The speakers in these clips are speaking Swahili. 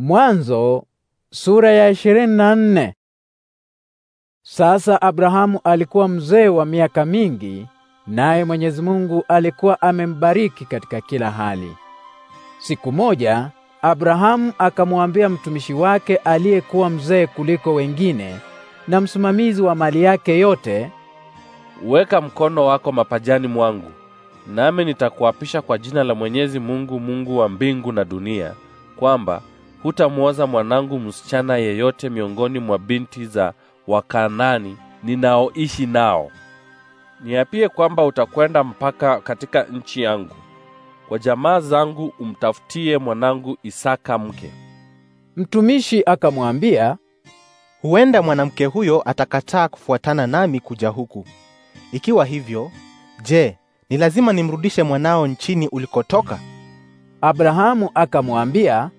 Mwanzo sura ya 24. Sasa Abrahamu alikuwa mzee wa miaka mingi, naye Mwenyezi Mungu alikuwa amembariki katika kila hali. Siku moja Abrahamu akamwambia mtumishi wake aliyekuwa mzee kuliko wengine na msimamizi wa mali yake yote, weka mkono wako mapajani mwangu, nami nitakuapisha kwa jina la Mwenyezi Mungu, Mungu wa mbingu na dunia, kwamba hutamwoza mwanangu msichana yeyote miongoni mwa binti za Wakanani ninaoishi nao. Niapie kwamba utakwenda mpaka katika nchi yangu. Kwa jamaa zangu umtafutie mwanangu Isaka mke. Mtumishi akamwambia, huenda mwanamke huyo atakataa kufuatana nami kuja huku. Ikiwa hivyo, je, ni lazima nimrudishe mwanao nchini ulikotoka? Abrahamu akamwambia,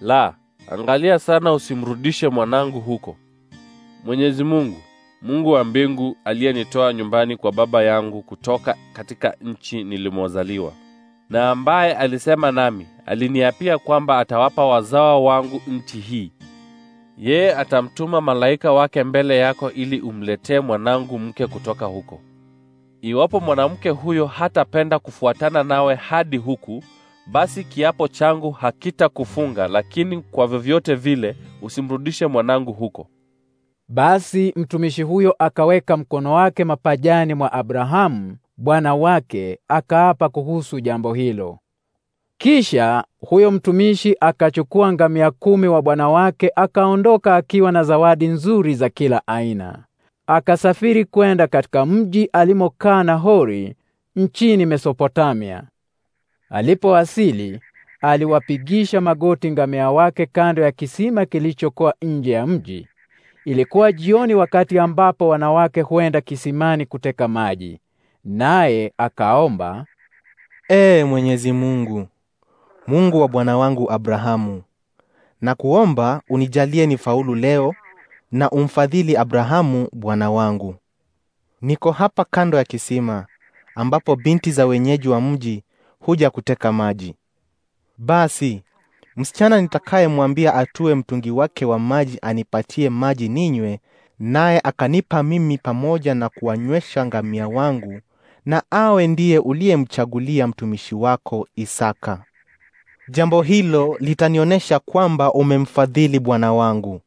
la, angalia sana usimrudishe mwanangu huko. Mwenyezi Mungu, Mungu wa mbingu aliyenitoa nyumbani kwa baba yangu kutoka katika nchi nilimozaliwa, na ambaye alisema nami, aliniapia kwamba atawapa wazawa wangu nchi hii. Yeye atamtuma malaika wake mbele yako ili umletee mwanangu mke kutoka huko. Iwapo mwanamke huyo hatapenda kufuatana nawe hadi huku basi kiapo changu hakitakufunga, lakini kwa vyovyote vile usimrudishe mwanangu huko. Basi mtumishi huyo akaweka mkono wake mapajani mwa Abrahamu bwana wake, akaapa kuhusu jambo hilo. Kisha huyo mtumishi akachukua ngamia kumi wa bwana wake, akaondoka akiwa na zawadi nzuri za kila aina. Akasafiri kwenda katika mji alimokaa Nahori nchini Mesopotamia. Alipowasili, aliwapigisha magoti ngamia wake kando ya kisima kilichokuwa nje ya mji. Ilikuwa jioni, wakati ambapo wanawake huenda kisimani kuteka maji, naye akaomba, Ee Mwenyezi Mungu, Mungu wa bwana wangu Abrahamu, na kuomba unijalie nifaulu leo na umfadhili Abrahamu bwana wangu. Niko hapa kando ya kisima ambapo binti za wenyeji wa mji huja kuteka maji. Basi msichana nitakayemwambia atue mtungi wake wa maji anipatie maji ninywe, naye akanipa mimi pamoja na kuwanywesha ngamia wangu, na awe ndiye uliyemchagulia mtumishi wako Isaka. Jambo hilo litanionyesha kwamba umemfadhili bwana wangu.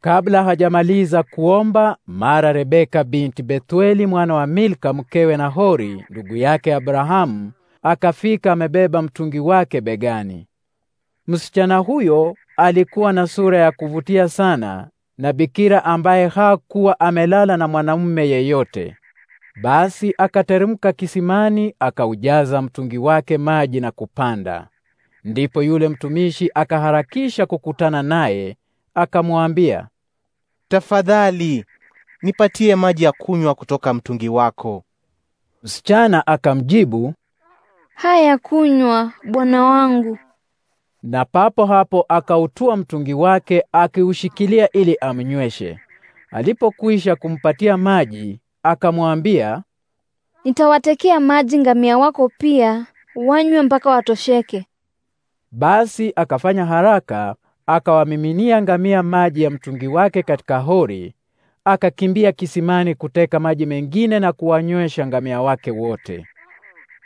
Kabla hajamaliza kuomba, mara Rebeka binti Bethueli mwana wa Milka mkewe Nahori ndugu yake Abrahamu akafika amebeba mtungi wake begani. Msichana huyo alikuwa na sura ya kuvutia sana na bikira ambaye hakuwa amelala na mwanamume yeyote. Basi akateremka kisimani akaujaza mtungi wake maji na kupanda. Ndipo yule mtumishi akaharakisha kukutana naye akamwambia, tafadhali nipatie maji ya kunywa kutoka mtungi wako. Msichana akamjibu, haya kunywa, bwana wangu. Na papo hapo akautua mtungi wake akiushikilia ili amnyweshe. Alipokwisha kumpatia maji, akamwambia, nitawatekea maji ngamia wako pia, wanywe mpaka watosheke. Basi akafanya haraka, akawamiminia ngamia maji ya mtungi wake katika hori, akakimbia kisimani kuteka maji mengine na kuwanywesha ngamia wake wote.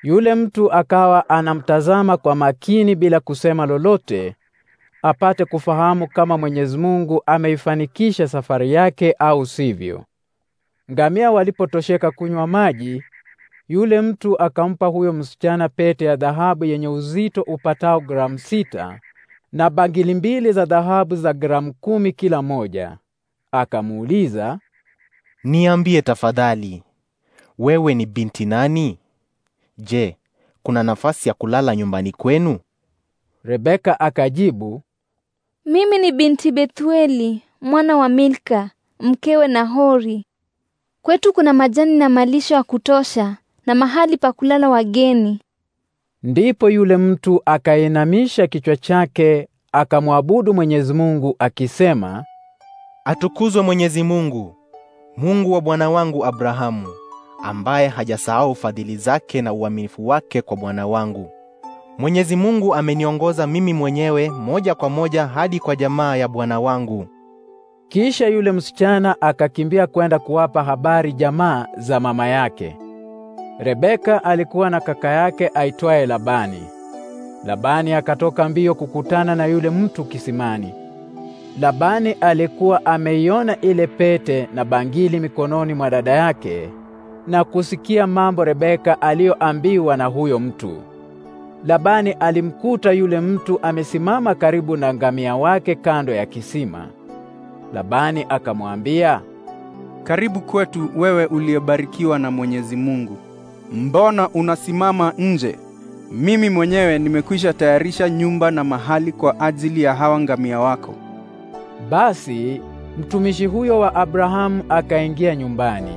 Yule mtu akawa anamtazama kwa makini bila kusema lolote, apate kufahamu kama Mwenyezi Mungu ameifanikisha safari yake au sivyo. Ngamia walipotosheka kunywa maji, yule mtu akampa huyo msichana pete ya dhahabu yenye uzito upatao gramu sita na bangili mbili za dhahabu za gramu kumi kila moja. Akamuuliza, niambie tafadhali, wewe ni binti nani? Je, kuna nafasi ya kulala nyumbani kwenu? Rebeka akajibu, mimi ni binti Bethueli mwana wa Milka mkewe Nahori. Kwetu kuna majani na malisho ya kutosha na mahali pa kulala wageni. Ndipo yule mtu akainamisha kichwa chake akamwabudu Mwenyezi Mungu akisema, Atukuzwe Mwenyezi Mungu, Mungu wa bwana wangu Abrahamu ambaye hajasahau fadhili zake na uaminifu wake kwa Bwana wangu. Mwenyezi Mungu ameniongoza mimi mwenyewe moja kwa moja hadi kwa jamaa ya Bwana wangu. Kisha yule msichana akakimbia kwenda kuwapa habari jamaa za mama yake. Rebeka alikuwa na kaka yake aitwaye Labani. Labani akatoka mbio kukutana na yule mtu kisimani. Labani alikuwa ameiona ile pete na bangili mikononi mwa dada yake, na kusikia mambo Rebeka aliyoambiwa na huyo mtu. Labani alimkuta yule mtu amesimama karibu na ngamia wake kando ya kisima. Labani akamwambia, "Karibu kwetu wewe uliyebarikiwa na Mwenyezi Mungu. Mbona unasimama nje? Mimi mwenyewe nimekwisha tayarisha nyumba na mahali kwa ajili ya hawa ngamia wako." Basi mtumishi huyo wa Abrahamu akaingia nyumbani.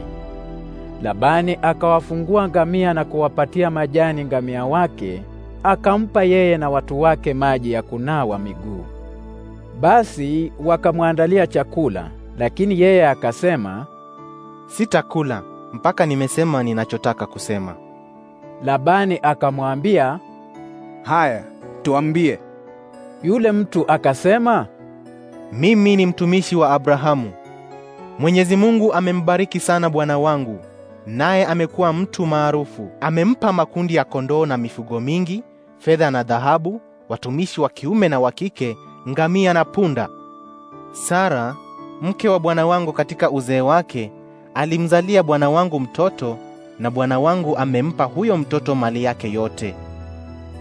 Labani akawafungua ngamia na kuwapatia majani ngamia wake, akampa yeye na watu wake maji ya kunawa miguu. Basi wakamwandalia chakula, lakini yeye akasema, sitakula mpaka nimesema ninachotaka kusema. Labani akamwambia, haya, tuambie. Yule mtu akasema, mimi ni mtumishi wa Abrahamu. Mwenyezi Mungu amembariki sana bwana wangu naye amekuwa mtu maarufu. Amempa makundi ya kondoo na mifugo mingi, fedha na dhahabu, watumishi wa kiume na wa kike, ngamia na punda. Sara mke wa bwana wangu katika uzee wake alimzalia bwana wangu mtoto, na bwana wangu amempa huyo mtoto mali yake yote.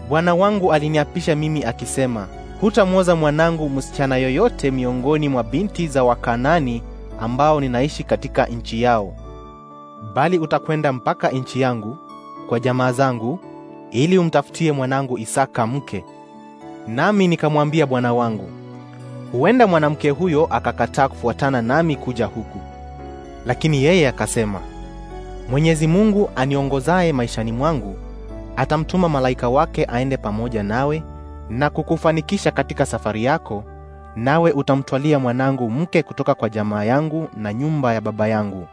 Bwana wangu aliniapisha mimi akisema, hutamwoza mwanangu msichana yoyote miongoni mwa binti za Wakanani ambao ninaishi katika nchi yao bali utakwenda mpaka nchi yangu kwa jamaa zangu, ili umtafutie mwanangu Isaka mke. Nami nikamwambia bwana wangu, huenda mwanamke huyo akakataa kufuatana nami kuja huku. Lakini yeye akasema, Mwenyezi Mungu aniongozaye maishani mwangu atamtuma malaika wake aende pamoja nawe na kukufanikisha katika safari yako, nawe utamtwalia mwanangu mke kutoka kwa jamaa yangu na nyumba ya baba yangu.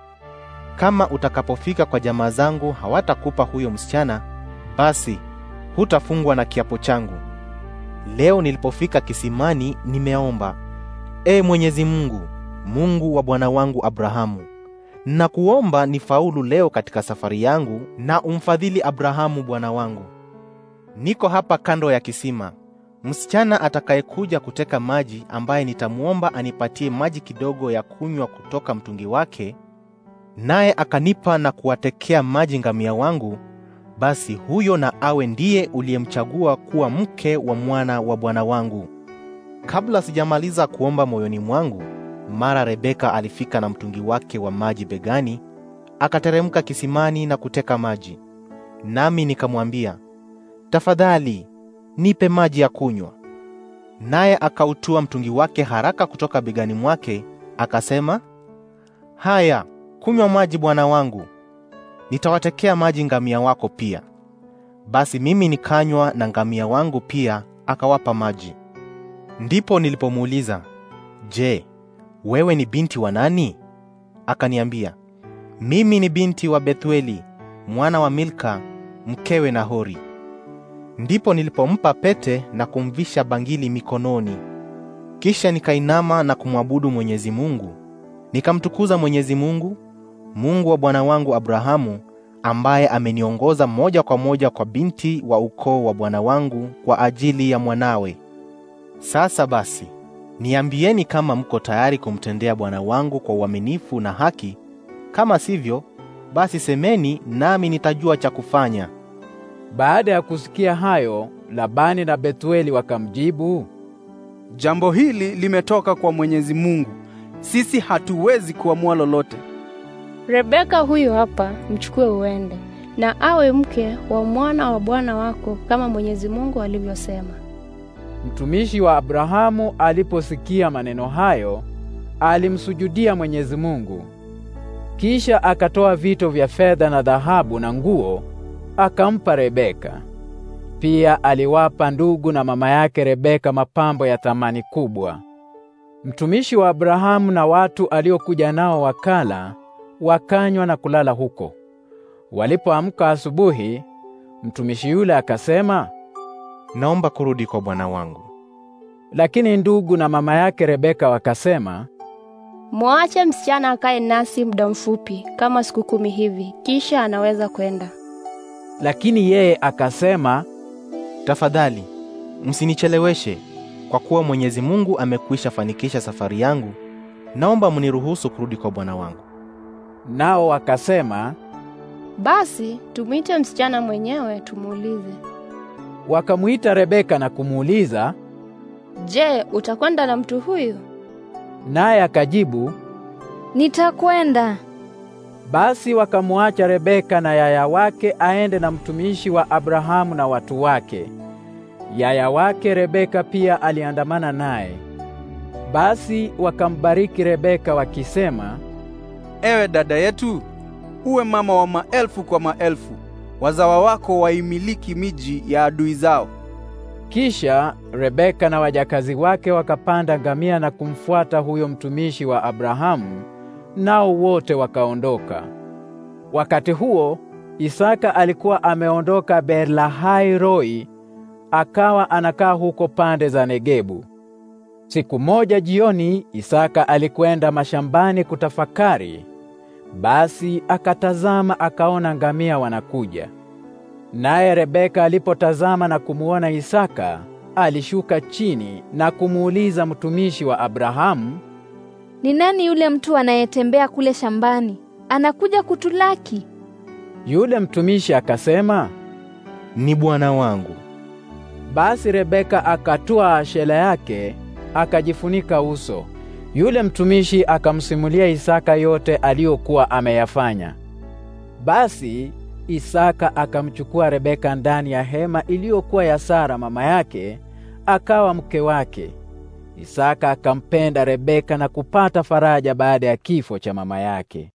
Kama utakapofika kwa jamaa zangu hawatakupa huyo msichana, basi hutafungwa na kiapo changu. Leo nilipofika kisimani, nimeomba Ee Mwenyezi Mungu, Mungu wa bwana wangu Abrahamu, ni nifaulu leo katika safari yangu, na umfadhili Abrahamu bwana wangu. Niko hapa kando ya kisima. Msichana atakayekuja kuteka maji, ambaye nitamwomba anipatie maji kidogo ya kunywa kutoka mtungi wake, naye akanipa na kuwatekea maji ngamia wangu, basi huyo na awe ndiye uliyemchagua kuwa mke wa mwana wa bwana wangu. Kabla sijamaliza kuomba moyoni mwangu, mara Rebeka alifika na mtungi wake wa maji begani, akateremka kisimani na kuteka maji. Nami nikamwambia, tafadhali nipe maji ya kunywa. Naye akautua mtungi wake haraka kutoka begani mwake, akasema, haya Kunywa maji, bwana wangu, nitawatekea maji ngamia wako pia. Basi mimi nikanywa, na ngamia wangu pia akawapa maji. Ndipo nilipomuuliza, Je, wewe ni binti wa nani? Akaniambia, mimi ni binti wa Bethueli mwana wa Milka mkewe Nahori. Ndipo nilipompa pete na kumvisha bangili mikononi. Kisha nikainama na kumwabudu Mwenyezi Mungu, nikamtukuza Mwenyezi Mungu Mungu wa bwana wangu Abrahamu, ambaye ameniongoza moja kwa moja kwa binti wa ukoo wa bwana wangu kwa ajili ya mwanawe. Sasa basi, niambieni kama mko tayari kumtendea bwana wangu kwa uaminifu na haki; kama sivyo, basi semeni nami nitajua cha kufanya. Baada ya kusikia hayo, Labani na Betueli wakamjibu, Jambo hili limetoka kwa Mwenyezi Mungu. Sisi hatuwezi kuamua lolote. Rebeka huyu hapa, mchukue uende na awe mke wa mwana wa bwana wako kama Mwenyezi Mungu alivyosema. Mtumishi wa Abrahamu aliposikia maneno hayo, alimsujudia Mwenyezi Mungu. Kisha akatoa vito vya fedha na dhahabu na nguo akampa Rebeka. Pia aliwapa ndugu na mama yake Rebeka mapambo ya thamani kubwa. Mtumishi wa Abrahamu na watu aliokuja nao wakala wakanywa na kulala huko. Walipoamka asubuhi, mtumishi yule akasema, naomba kurudi kwa bwana wangu. Lakini ndugu na mama yake Rebeka wakasema, mwache msichana akae nasi muda mfupi, kama siku kumi hivi, kisha anaweza kwenda. Lakini yeye akasema, tafadhali msinicheleweshe, kwa kuwa Mwenyezi Mungu amekwisha fanikisha safari yangu. Naomba muniruhusu kurudi kwa bwana wangu. Nao wakasema, basi tumwite msichana mwenyewe tumuulize. Wakamuita Rebeka na kumuuliza, je, utakwenda na mtu huyu? Naye akajibu, nitakwenda. Basi wakamuacha Rebeka na yaya wake aende na mtumishi wa Abrahamu na watu wake. Yaya wake Rebeka pia aliandamana naye. Basi wakambariki Rebeka wakisema, Ewe dada yetu, uwe mama wa maelfu kwa maelfu, wazawa wako waimiliki miji ya adui zao. Kisha Rebeka na wajakazi wake wakapanda ngamia na kumfuata huyo mtumishi wa Abrahamu, nao wote wakaondoka. Wakati huo Isaka alikuwa ameondoka Roi, akawa anakaa huko pande za Negebu. Siku moja jioni, Isaka alikwenda mashambani kutafakari basi akatazama akaona ngamia wanakuja. Naye Rebeka alipotazama na kumuona Isaka, alishuka chini na kumuuliza mtumishi wa Abrahamu, ni nani yule mtu anayetembea kule shambani? Anakuja kutulaki. Yule mtumishi akasema, ni bwana wangu. Basi Rebeka akatua shela yake, akajifunika uso. Yule mtumishi akamsimulia Isaka yote aliyokuwa ameyafanya. Basi Isaka akamchukua Rebeka ndani ya hema iliyokuwa ya Sara mama yake, akawa mke wake. Isaka akampenda Rebeka na kupata faraja baada ya kifo cha mama yake.